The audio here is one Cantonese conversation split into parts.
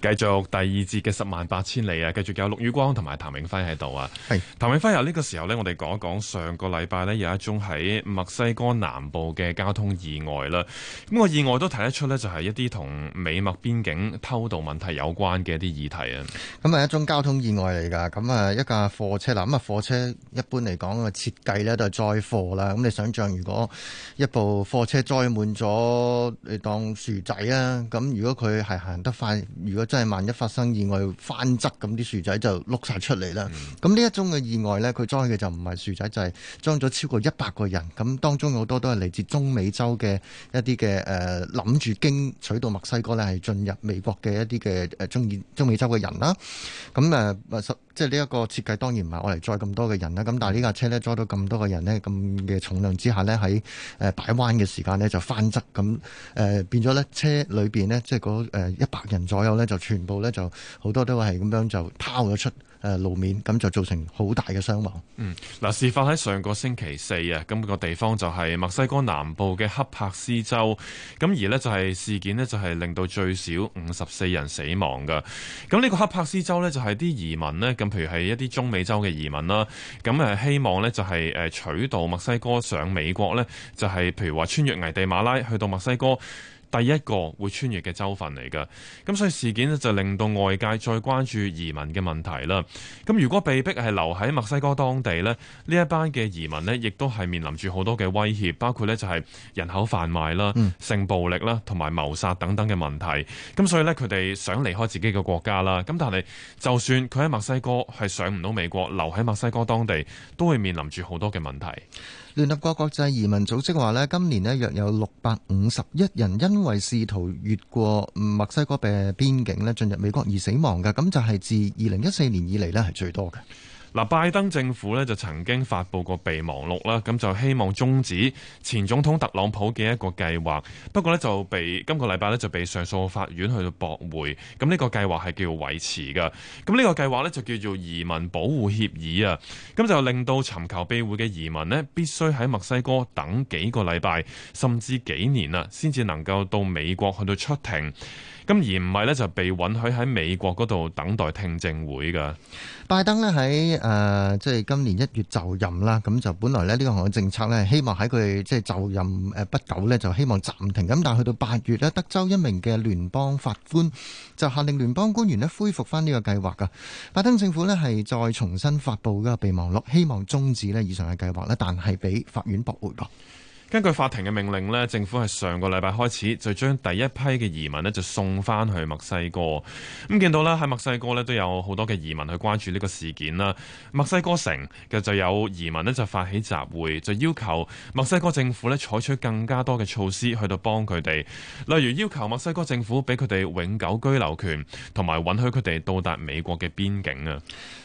繼續第二節嘅十萬八千里啊！繼續有陸宇光同埋譚永輝喺度啊。係譚永輝啊，呢個時候呢，我哋講一講上個禮拜呢，有一宗喺墨西哥南部嘅交通意外啦。咁個意外都睇得出呢，就係一啲同美墨邊境偷渡問題有關嘅一啲議題啊。咁啊，一宗交通意外嚟噶。咁啊，一架貨車啦，咁啊，貨車一般嚟講嘅設計呢，都係載貨啦。咁你想象如果一部貨車載滿咗，你當薯仔啊。咁如果佢係行得快，如果即係萬一發生意外翻側咁，啲樹仔就碌晒出嚟啦。咁呢、嗯、一宗嘅意外呢，佢裝嘅就唔係樹仔，就係、是、裝咗超過一百個人。咁當中好多都係嚟自中美洲嘅一啲嘅誒，諗、呃、住經取到墨西哥呢係進入美國嘅一啲嘅誒中意中美洲嘅人啦。咁誒、呃，即係呢一個設計當然唔係我嚟載咁多嘅人啦。咁但係呢架車呢，載到咁多嘅人呢，咁嘅重量之下呢，喺誒擺彎嘅時間呢，就翻側咁誒、呃，變咗呢。車裏邊呢，即係嗰一百人左右呢。就。全部呢就好多都係咁樣就拋咗出路面，咁就造成好大嘅傷亡。嗯，嗱，事發喺上個星期四啊，咁個地方就係墨西哥南部嘅恰帕斯州，咁而呢，就係事件呢，就係令到最少五十四人死亡㗎。咁呢個恰帕斯州呢，就係啲移民呢。咁譬如係一啲中美洲嘅移民啦，咁誒希望呢，就係取道墨西哥上美國呢，就係譬如話穿越危地馬拉去到墨西哥。第一個會穿越嘅州份嚟㗎，咁所以事件呢，就令到外界再關注移民嘅問題啦。咁如果被逼係留喺墨西哥當地呢，呢一班嘅移民呢，亦都係面臨住好多嘅威脅，包括呢就係人口販賣啦、性暴力啦、同埋謀殺等等嘅問題。咁所以呢，佢哋想離開自己嘅國家啦。咁但係就算佢喺墨西哥係上唔到美國，留喺墨西哥當地，都會面臨住好多嘅問題。聯合國國際移民組織話呢，今年呢約有六百五十一人因為試圖越過墨西哥邊境呢，進入美國而死亡嘅，咁就係自二零一四年以嚟呢係最多嘅。嗱，拜登政府呢就曾經發布過備忘錄啦，咁就希望中止前總統特朗普嘅一個計劃，不過呢就被今個禮拜呢就被上訴法院去到駁回，咁呢個計劃係叫維持㗎，咁呢個計劃呢，就叫做移民保護協議啊，咁就令到尋求庇護嘅移民呢必須喺墨西哥等幾個禮拜，甚至幾年啊，先至能夠到美國去到出庭，咁而唔係呢，就被允許喺美國嗰度等待聽證會㗎。拜登呢喺誒、呃，即係今年一月就任啦，咁就本來呢呢個行政策呢，希望喺佢即係就任誒不久呢，就希望暫停。咁但係去到八月呢，德州一名嘅聯邦法官就下令聯邦官員呢恢復翻呢個計劃噶。拜登政府呢係再重新發布呢個備忘錄，希望終止呢以上嘅計劃呢，但係俾法院駁回咯。根據法庭嘅命令咧，政府係上個禮拜開始就將第一批嘅移民就送翻去墨西哥。咁見到咧喺墨西哥都有好多嘅移民去關注呢個事件啦。墨西哥城嘅就有移民咧就發起集會，就要求墨西哥政府咧採取更加多嘅措施去到幫佢哋，例如要求墨西哥政府俾佢哋永久居留權，同埋允許佢哋到達美國嘅邊境啊。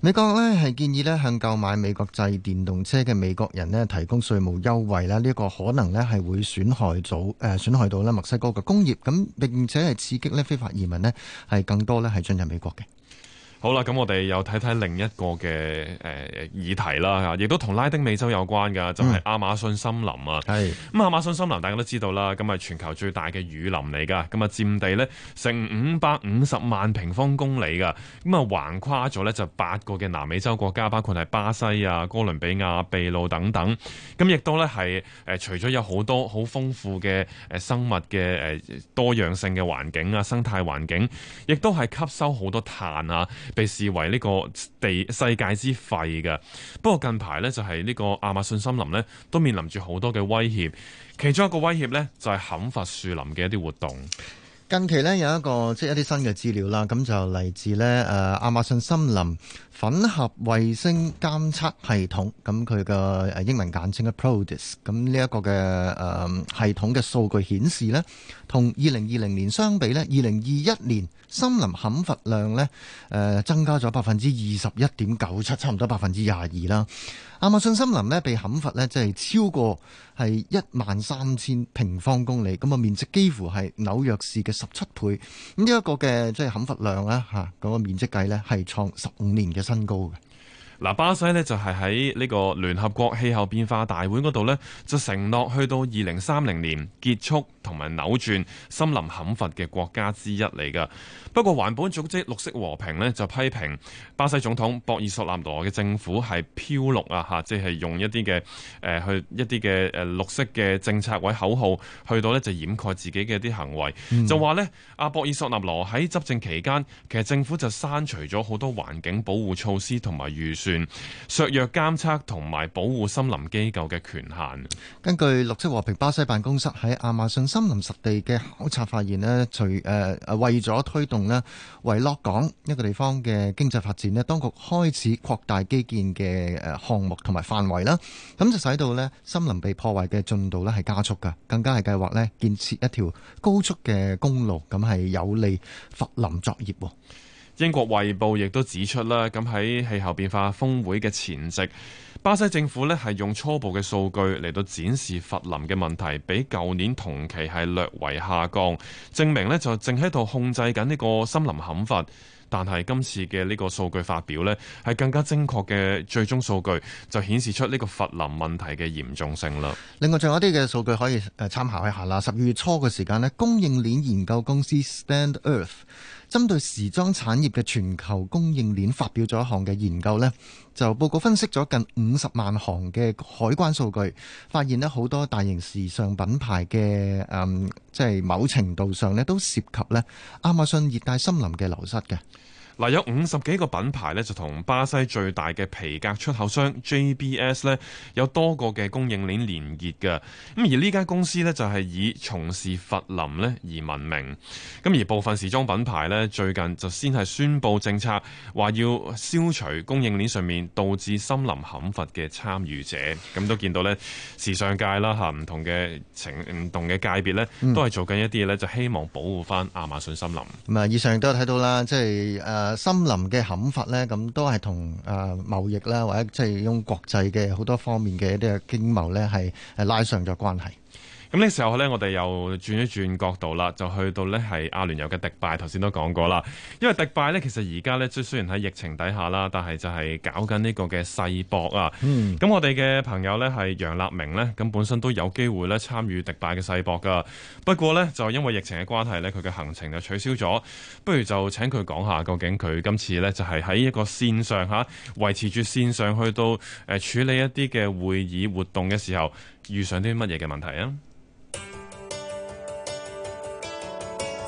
美國咧係建議咧向購買美國製電動車嘅美國人咧提供稅務優惠啦，呢、一個可能咧係會損害到誒損、呃、害到咧墨西哥嘅工業，咁並且係刺激非法移民咧係更多咧係進入美國嘅。好啦，咁我哋又睇睇另一個嘅誒議題啦，亦都同拉丁美洲有關噶，就係、是、亞馬遜森林啊。係咁、嗯，亞馬遜森林大家都知道啦，咁啊全球最大嘅雨林嚟噶，咁啊佔地咧成五百五十萬平方公里噶，咁啊橫跨咗咧就八個嘅南美洲國家，包括係巴西啊、哥倫比亞、秘魯等等。咁亦都咧係誒，除咗有好多好豐富嘅誒生物嘅誒多樣性嘅環境啊，生態環境，亦都係吸收好多碳啊。被視為呢個地世界之肺嘅，不過近排呢，就係呢個亞馬遜森林呢，都面臨住好多嘅威脅，其中一個威脅呢，就係砍伐樹林嘅一啲活動。近期咧有一個即係、就是，一啲新嘅資料啦，咁就嚟自咧誒，亞馬遜森林粉合衛星監測系統，咁佢嘅英文簡稱嘅 PRODES 咁呢一個嘅誒，呃、系統嘅數據顯示咧，同二零二零年相比咧，二零二一年森林砍伐量咧誒，呃、增加咗百分之二十一點九七，差唔多百分之廿二啦。亞馬遜森林咧被砍伐咧，即係超過係一萬三千平方公里，咁啊面積幾乎係紐約市嘅。十七倍，咁呢一個嘅即係砍伐量啦。吓，嗰個面積計咧係創十五年嘅新高嘅。嗱，巴西咧就係喺呢個聯合國氣候變化大會嗰度咧，就承諾去到二零三零年結束同埋扭轉森林砍伐嘅國家之一嚟噶。不過環保組織綠色和平咧就批評巴西總統博爾索納羅嘅政府係漂綠啊！嚇、啊，即係用一啲嘅誒去一啲嘅誒綠色嘅政策或口號去到咧就掩蓋自己嘅一啲行為，嗯、就話咧阿博爾索納羅喺執政期間，其實政府就刪除咗好多環境保護措施同埋預算。削弱監測同埋保護森林機構嘅權限。根據綠色和平巴西辦公室喺亞馬遜森林實地嘅考察發現咧，隨誒為咗推動呢維洛港一個地方嘅經濟發展呢，當局開始擴大基建嘅誒項目同埋範圍啦，咁就使到呢森林被破壞嘅進度呢係加速噶，更加係計劃呢建設一條高速嘅公路，咁係有利伐林作業。英國《衛報》亦都指出啦，咁喺氣候變化峰會嘅前夕，巴西政府咧係用初步嘅數據嚟到展示伐林嘅問題比舊年同期係略為下降，證明呢就正喺度控制緊呢個森林砍伐。但係今次嘅呢個數據發表呢，係更加精確嘅最終數據，就顯示出呢個伐林問題嘅嚴重性啦。另外仲有一啲嘅數據可以誒參考一下啦。十二月初嘅時間呢供應鏈研究公司 Stand Earth。針對時裝產業嘅全球供應鏈發表咗一項嘅研究呢，就報告分析咗近五十萬行嘅海關數據，發現呢好多大型時尚品牌嘅誒、嗯，即係某程度上呢都涉及呢亞馬遜熱帶森林嘅流失嘅。嗱，有五十幾個品牌咧，就同巴西最大嘅皮革出口商 JBS 咧有多個嘅供應鏈連結嘅。咁而呢間公司咧就係以從事伐林咧而聞名。咁而部分時裝品牌咧最近就先係宣布政策，話要消除供應鏈上面導致森林砍伐嘅參與者。咁都見到呢時尚界啦嚇，唔同嘅情唔同嘅界別咧都係做緊一啲咧，就希望保護翻亞馬遜森林。咁啊，以上都有睇到啦，即係誒。呃森林嘅砍伐咧，咁都係同誒貿易啦，或者即係用國際嘅好多方面嘅一啲經貿咧，係拉上咗關係。咁呢個時候咧，我哋又轉一轉角度啦，就去到呢係阿聯酋嘅迪拜，頭先都講過啦。因為迪拜呢，其實而家呢，雖然喺疫情底下啦，但係就係搞緊呢個嘅世博啊。嗯。咁我哋嘅朋友呢係楊立明呢，咁本身都有機會呢參與迪拜嘅世博噶。不過呢，就因為疫情嘅關係呢，佢嘅行程就取消咗。不如就請佢講下，究竟佢今次呢就係、是、喺一個線上嚇維持住線上去到誒、呃、處理一啲嘅會議活動嘅時候，遇上啲乜嘢嘅問題啊？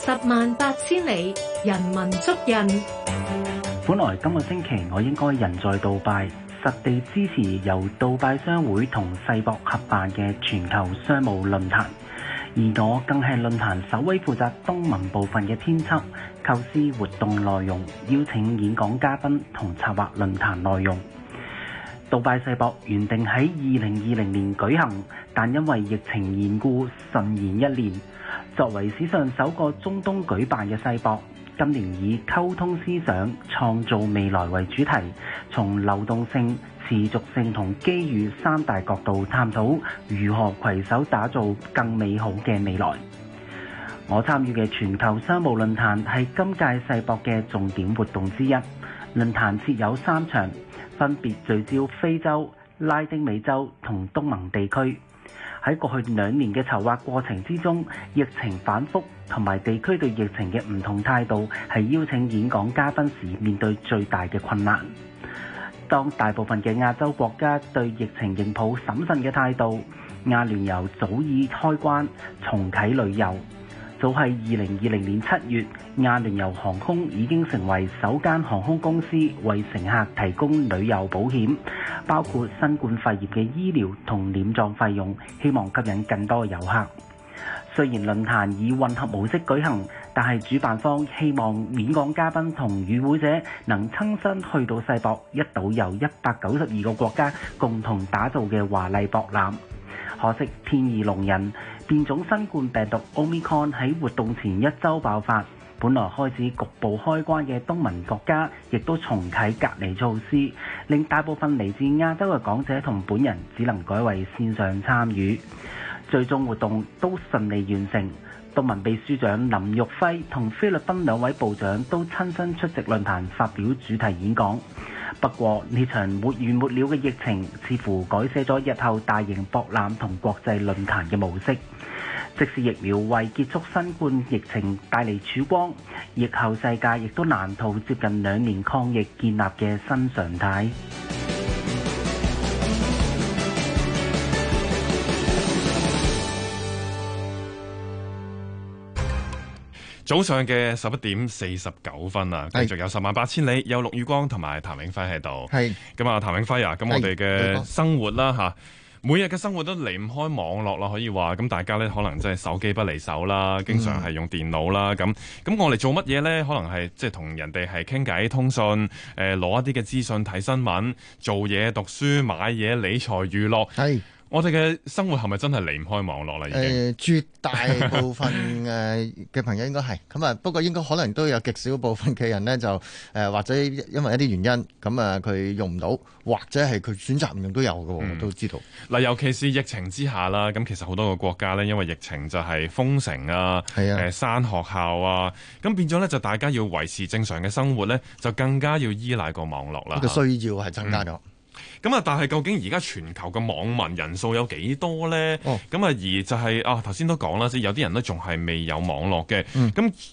十萬八千里，人文足印。本來今個星期我應該人在杜拜，實地支持由杜拜商會同世博合辦嘅全球商務論壇，而我更係論壇首位負責東盟部分嘅編輯，構思活動內容、邀請演講嘉賓同策劃論壇內容。杜拜世博原定喺二零二零年舉行，但因為疫情緣故，順延一年。作為史上首個中東舉辦嘅世博，今年以溝通思想、創造未來為主題，從流動性、持續性同機遇三大角度探討如何攜手打造更美好嘅未來。我參與嘅全球商務論壇係今屆世博嘅重點活動之一，論壇設有三場。分別聚焦非洲、拉丁美洲同東盟地區，喺過去兩年嘅籌劃過程之中，疫情反覆同埋地區對疫情嘅唔同態度，係邀請演講嘉賓時面對最大嘅困難。當大部分嘅亞洲國家對疫情仍抱審慎嘅態度，亞聯酋早已開關重啟旅遊。早喺二零二零年七月，阿聯酋航空已經成為首間航空公司為乘客提供旅遊保險，包括新冠肺炎嘅醫療同殮葬費用，希望吸引更多遊客。雖然論壇以混合模式舉行，但係主辦方希望免港嘉賓同與會者能親身去到世博，一睹由一百九十二個國家共同打造嘅華麗博覽。可惜天意弄人。變種新冠病毒 Omicron 喺活動前一周爆發，本來開始局部開關嘅東盟國家，亦都重啟隔離措施，令大部分嚟自亞洲嘅講者同本人只能改為線上參與。最終活動都順利完成，東盟秘書長林玉輝同菲律賓兩位部長都親身出席論壇發表主題演講。不過，呢場沒完沒了嘅疫情，似乎改寫咗日後大型博覽同國際論壇嘅模式。即使疫苗為結束新冠疫情帶嚟曙光，疫後世界亦都難逃接近兩年抗疫建立嘅新常態。早上嘅十一點四十九分啊，繼續有十萬八千里，有陸宇光同埋譚永輝喺度。咁啊是，譚永輝啊，咁我哋嘅生活啦是嚇，每日嘅生活都離唔開網絡啦，可以話，咁大家咧可能真係手機不離手啦，經常係用電腦啦，咁咁、嗯、我嚟做乜嘢咧？可能係即係同人哋係傾偈、通訊，誒攞一啲嘅資訊、睇新聞、做嘢、讀書、買嘢、理財、娛樂。我哋嘅生活係咪真係離唔開網絡啦？已誒、呃，絕大部分嘅嘅朋友應該係咁啊。 不過應該可能都有極少部分嘅人呢，就、呃、誒或者因為一啲原因咁啊，佢用唔到，或者係佢選擇唔用都有㗎。嗯、我都知道。嗱，尤其是疫情之下啦，咁其實好多個國家呢，因為疫情就係封城啊，係啊，誒，閂學校啊，咁變咗呢，就大家要維持正常嘅生活呢，就更加要依賴個網絡啦。個需要係增加咗。嗯咁啊！但係究竟而家全球嘅網民人數有幾多呢？咁、哦就是、啊，而就係啊，頭先都講啦，即有啲人都仲係未有網絡嘅。咁、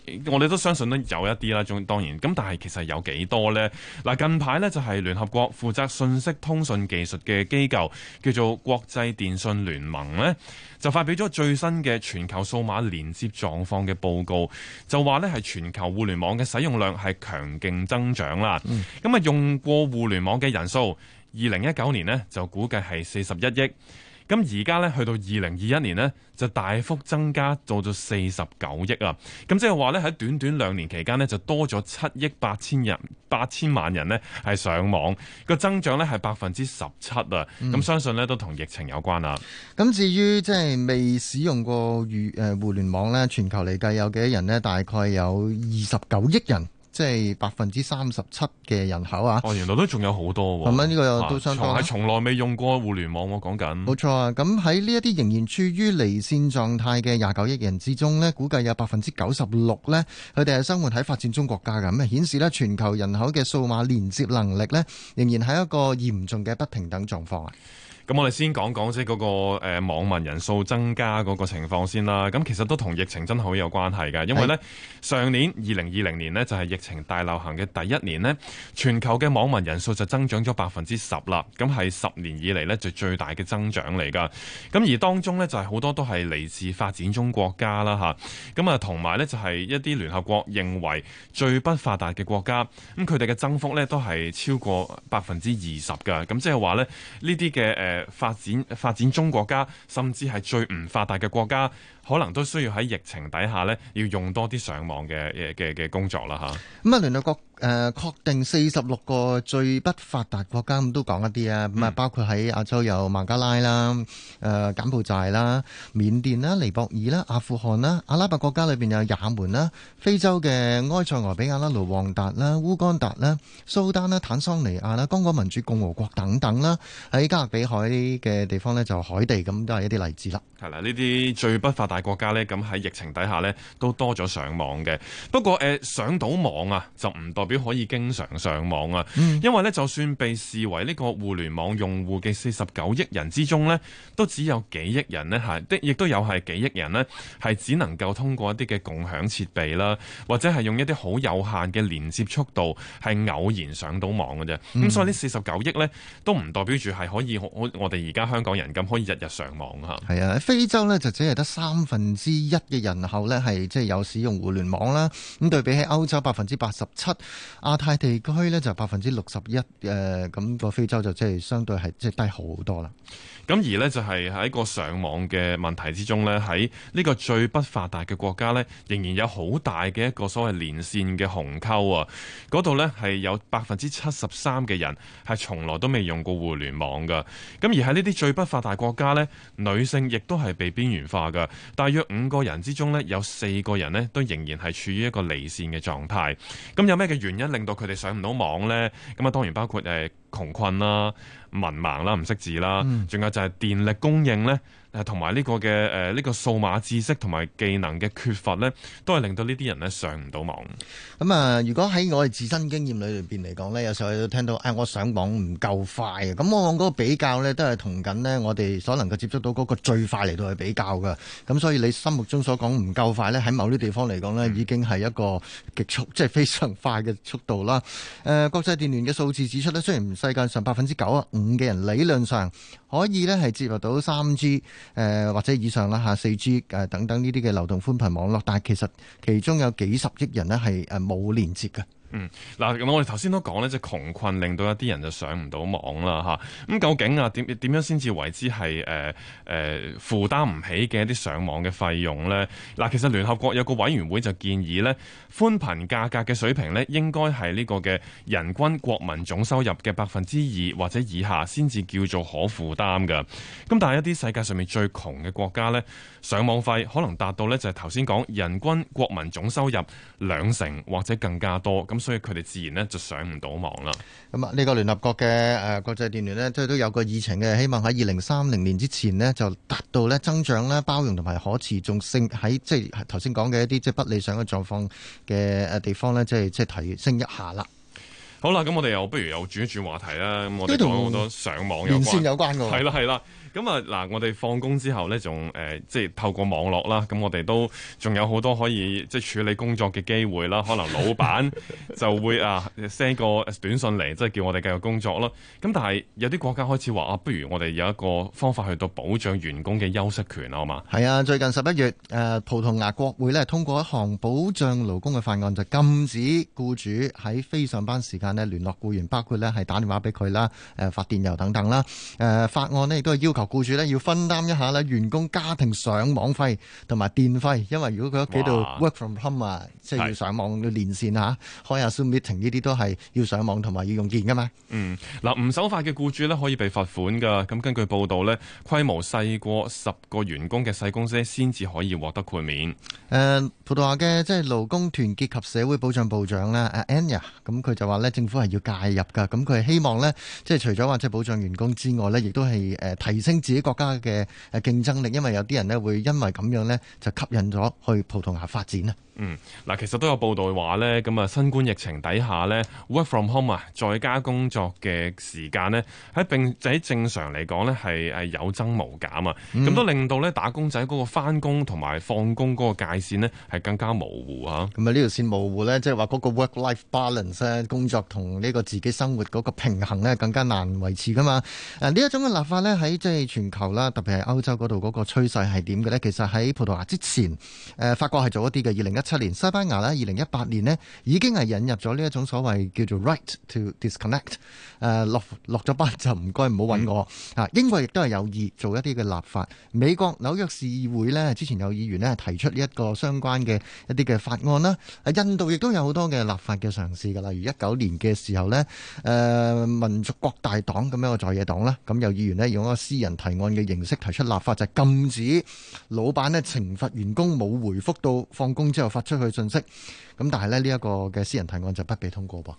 嗯、我哋都相信咧有一啲啦，仲當然。咁但係其實有幾多呢？嗱，近排呢，就係聯合國負責信息通訊技術嘅機構叫做國際電信聯盟呢就發表咗最新嘅全球數碼連接狀況嘅報告，就話咧係全球互聯網嘅使用量係強勁增長啦。咁啊，用過互聯網嘅人數，二零一九年呢就估計係四十一億。咁而家咧去到二零二一年呢，就大幅增加到咗四十九億啊！咁即係話咧喺短短兩年期間呢，就多咗七億八千人八千萬人呢係上網個增長呢係百分之十七啊！咁相信呢都同疫情有關啦。咁、嗯、至於即係未使用過互誒互聯網咧，全球嚟計有幾多人呢？大概有二十九億人。即係百分之三十七嘅人口啊！哦，原來都仲有好多喎、啊。咁樣呢個都相關、啊。係、啊、從來未用過互聯網，我講緊。冇錯啊！咁喺呢一啲仍然處於離線狀態嘅廿九億人之中呢，估計有百分之九十六呢，佢哋係生活喺發展中國家咁啊，顯示咧全球人口嘅數碼連接能力呢，仍然係一個嚴重嘅不平等狀況啊！咁我哋先講講即、那、嗰個、呃、網民人數增加嗰個情況先啦。咁其實都同疫情真係好有關係㗎，因為呢的上年二零二零年呢，就係、是、疫情大流行嘅第一年呢，全球嘅網民人數就增長咗百分之十啦。咁係十年以嚟呢，就最大嘅增長嚟㗎。咁而當中呢，就係、是、好多都係嚟自發展中國家啦，吓，咁啊，同埋呢就係、是、一啲聯合國認為最不發達嘅國家，咁佢哋嘅增幅呢，都係超過百分之二十㗎。咁即係話呢呢啲嘅呃誒，發展發展中國家，甚至係最唔發達嘅國家，可能都需要喺疫情底下呢，要用多啲上網嘅嘅嘅工作啦，吓、嗯。咁啊，聯合國。誒，呃、確定四十六個最不發達國家咁都講一啲啊，咁啊、嗯、包括喺亞洲有孟加拉啦、誒、呃、柬埔寨啦、緬甸啦、尼泊爾啦、阿富汗啦、阿拉伯國家裏邊有也門啦、非洲嘅埃塞俄比亞啦、盧旺達啦、烏干達啦、蘇丹啦、坦桑尼亞啦、剛果民主共和國等等啦，喺加勒比海嘅地方呢，就海地咁都係一啲例子啦。係啦，呢啲最不發達國家呢，咁喺疫情底下呢，都多咗上網嘅。不過誒、呃，上到網啊，就唔多。代表可以經常上網啊，因為咧，就算被視為呢個互聯網用戶嘅四十九億人之中呢，都只有幾億人呢係的，亦都有係幾億人呢係只能夠通過一啲嘅共享設備啦，或者係用一啲好有限嘅連接速度係偶然上到網嘅啫。咁、嗯、所以呢四十九億呢都唔代表住係可以我我哋而家香港人咁可以日日上網啊，係啊！喺非洲呢，就只係得三分之一嘅人口呢係即係有使用互聯網啦。咁對比起歐洲百分之八十七。亞太地區咧，就百分之六十一，誒，咁個非洲就即係相對係即係低好多啦。咁而呢，就係喺個上網嘅問題之中呢，喺呢個最不發達嘅國家呢，仍然有好大嘅一個所謂連線嘅鴻溝啊！嗰度呢，係有百分之七十三嘅人係從來都未用過互聯網噶。咁而喺呢啲最不發達國家呢，女性亦都係被邊緣化噶。大約五個人之中呢，有四個人呢，都仍然係處於一個離線嘅狀態。咁有咩嘅？原因令到佢哋上唔到網呢？咁啊當然包括誒窮困啦、文盲啦、唔識字啦，仲有就係電力供應呢。誒同埋呢個嘅誒呢個數碼知識同埋技能嘅缺乏呢，都係令到呢啲人呢上唔到網，嗯。咁啊，如果喺我哋自身經驗裏面嚟講呢，有時候都聽到誒、哎、我上網唔夠快。咁我講嗰個比較呢，都係同緊呢我哋所能夠接觸到嗰個最快嚟到去比較㗎。咁所以你心目中所講唔夠快呢，喺某啲地方嚟講呢，已經係一個極速，即、就、係、是、非常快嘅速度啦。誒、呃，國際電聯嘅數字指出呢，雖然世界上百分之九十五嘅人理論上可以呢係接入到三 G。誒或者以上啦，吓四 G 誒等等呢啲嘅流動寬頻網絡，但係其實其中有幾十億人咧係誒冇連接嘅。嗯，嗱，我哋頭先都講咧，就窮困令到一啲人就上唔到網啦，嚇。咁究竟啊，點點樣先至為之係誒誒負擔唔起嘅一啲上網嘅費用呢？嗱，其實聯合國有個委員會就建議呢，寬頻價格嘅水平咧，應該係呢個嘅人均國民總收入嘅百分之二或者以下先至叫做可負擔㗎。咁但係一啲世界上面最窮嘅國家呢，上網費可能達到呢，就係頭先講人均國民總收入兩成或者更加多咁。所以佢哋自然咧就上唔到網啦。咁啊，呢個聯合國嘅誒、呃、國際電聯呢，即係都有個議程嘅，希望喺二零三零年之前呢，就達到咧增長咧包容同埋可持續性喺即係頭先講嘅一啲即係不理想嘅狀況嘅誒地方咧，即係即係提升一下啦。好啦，咁我哋又不如又轉一轉話題啦。咁我哋同好多上網有、連線有關嘅，係啦，係啦。咁啊，嗱，我哋放工之後咧，仲誒即係透過網絡啦。咁我哋都仲有好多可以即係處理工作嘅機會啦。可能老闆就會啊 send 個短信嚟，即係叫我哋繼續工作咯。咁但係有啲國家開始話啊，不如我哋有一個方法去到保障員工嘅休息權啊，好嘛？係啊，最近十一月，誒葡萄牙國會咧通過一項保障勞工嘅法案，就禁止僱主喺非上班時間咧聯絡僱員，包括咧係打電話俾佢啦、誒發電郵等等啦。誒法案咧亦都係要求。僱主咧要分擔一下咧，員工家庭上網費同埋電費，因為如果佢喺屋企度 work from home 啊哇，即係要上網是要連線啊，開下 some meeting 呢啲都係要上網同埋要用電噶嘛。嗯，嗱，唔守法嘅僱主咧可以被罰款噶。咁根據報道咧，規模細過十個員工嘅細公司先至可以獲得豁免。誒、呃，葡萄牙嘅即係勞工團結及社會保障部長咧，Anna，咁佢就話咧，nya, 政府係要介入噶。咁佢係希望咧，即係除咗話即係保障員工之外咧，亦都係誒提升。自己國家嘅誒競爭力，因為有啲人咧會因為咁樣呢，就吸引咗去葡萄牙發展啊。嗯，嗱，其實都有報道話呢咁啊，新冠疫情底下呢 work from home 啊，在家工作嘅時間呢，喺並喺正常嚟講呢，係係有增無減啊。咁都、嗯、令到呢打工仔嗰個翻工同埋放工嗰個界線呢，係更加模糊啊。咁啊、嗯，呢、嗯、條線模糊呢，即係話嗰個 work life balance 工作同呢個自己生活嗰個平衡呢，更加難維持噶嘛。誒，呢一種嘅立法呢，喺即係。全球啦，特別係歐洲嗰度嗰個趨勢係點嘅咧？其實喺葡萄牙之前，誒、呃、法國係做一啲嘅。二零一七年，西班牙啦，二零一八年咧已經係引入咗呢一種所謂叫做 right to disconnect，呃。誒落落咗班就唔該唔好揾我吓。英國亦都係有意做一啲嘅立法。美國紐約市議會咧，之前有議員咧提出呢一個相關嘅一啲嘅法案啦。印度亦都有好多嘅立法嘅嘗試嘅，例如一九年嘅時候咧，誒、呃、民族國大黨咁樣嘅在野黨啦，咁有議員咧用一個私人。提案嘅形式提出立法，就係、禁止老闆咧懲罰員工冇回覆到放工之後發出去信息。咁但係咧呢一、呢個嘅私人提案就不被通過噃。